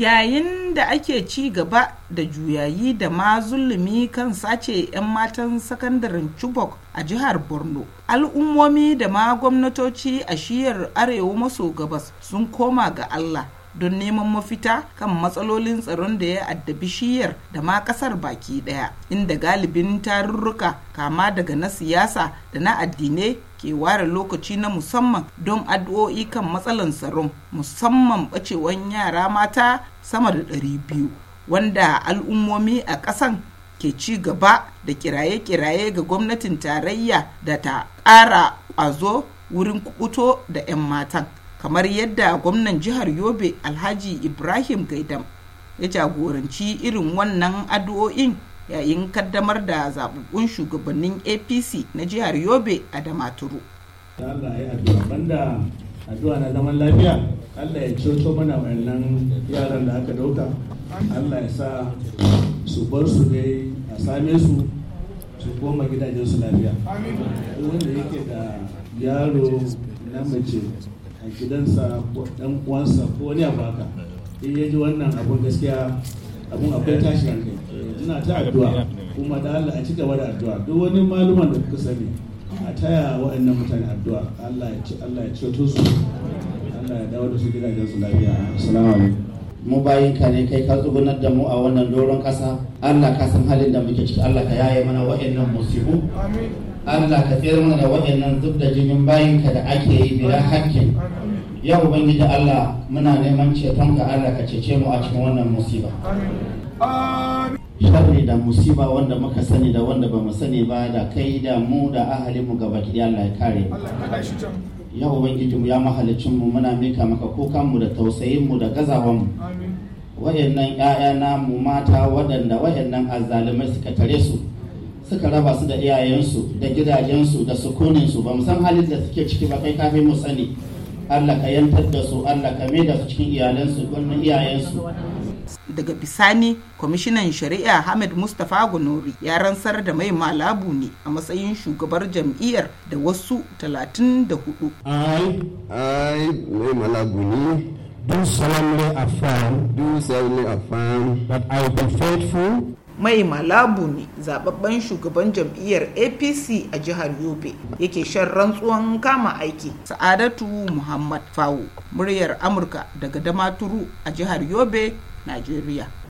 yayin da ake ci gaba da juyayi da ma zulumi kan sace 'yan matan sakandaren chibok a jihar borno al'ummomi da ma gwamnatoci a shiyar arewa maso gabas sun koma ga allah don neman mafita kan matsalolin tsaron da ya addabi shiyar da ma kasar baki daya inda galibin tarurruka kama daga na siyasa da na addinai ke ware lokaci na musamman don addu'o'i kan matsalan tsaron musamman bacewan yara mata sama da ɗari biyu. wanda al'ummomi a ƙasan ke ci gaba da kiraye-kiraye ga gwamnatin tarayya da ta ƙara ƙwazo wurin kuɓuto da 'yan matan kamar yadda gwamnan jihar yobe alhaji ibrahim gaidam ya jagoranci irin wannan addu'o'in yayin kaddamar da zaɓuɓɓun shugabannin apc na jihar yobe a damaturu Allah addu'a banda addu'a na zaman lafiya Allah ya ceto mana wannan yaran da aka dauka Allah ya sa su bar su dai a same su su koma gidajen su lafiya wanda yake da yaro na mace a gidansa ko dan uwansa ko wani a haka in ya ji wannan abun gaskiya abun akwai tashi hankali ina ta addu'a kuma da Allah a ci gaba da addu'a duk wani maluman da kuka sani a taya waɗannan mutane addu'a Allah ya ci Allah ya ceto su Allah ya dawo da su gidajen su lafiya assalamu alaikum mu bayin ka ne kai ka tsugunar da mu a wannan doron kasa Allah ka san halin da muke ciki Allah ka yaye mana waɗannan musibu Allah ka tsere mana da waɗannan zub da jinin bayinka da ake yi bila hakkin ya ubangiji Allah muna neman ka Allah ka cece mu a cikin wannan musiba sharri da musiba wanda muka sani da wanda ba mu sani ba da kai da mu da ahalin mu gaba ki Allah ya kare ya ubangiji mu ya mahalicin mu muna mika maka kukan mu da tausayin mu da gazawan mu wayannan ƴaƴa namu mata waɗanda wayannan azzalumai suka tare su suka raba su da iyayensu da gidajensu da sukuninsu ba mu san halin da suke ciki ba kai kafin mu sani Allah ka yantar da su Allah ka mai da su cikin iyalansu gwamnan iyayensu daga bisani kwamishinan shari'a hamid mustapha gunori ya rantsar da mai malabu ne a matsayin shugabar jam'iyyar da wasu hudu. ai ai mai malabu ne do solemnly affirm do solemnly affirm that i will be faithful mai malabu ne zababben shugaban jam'iyyar apc a jihar yobe yake shan rantsuwan kama aiki sa'adatu muhammad fawo muryar amurka daga damaturu a jihar yobe najeriya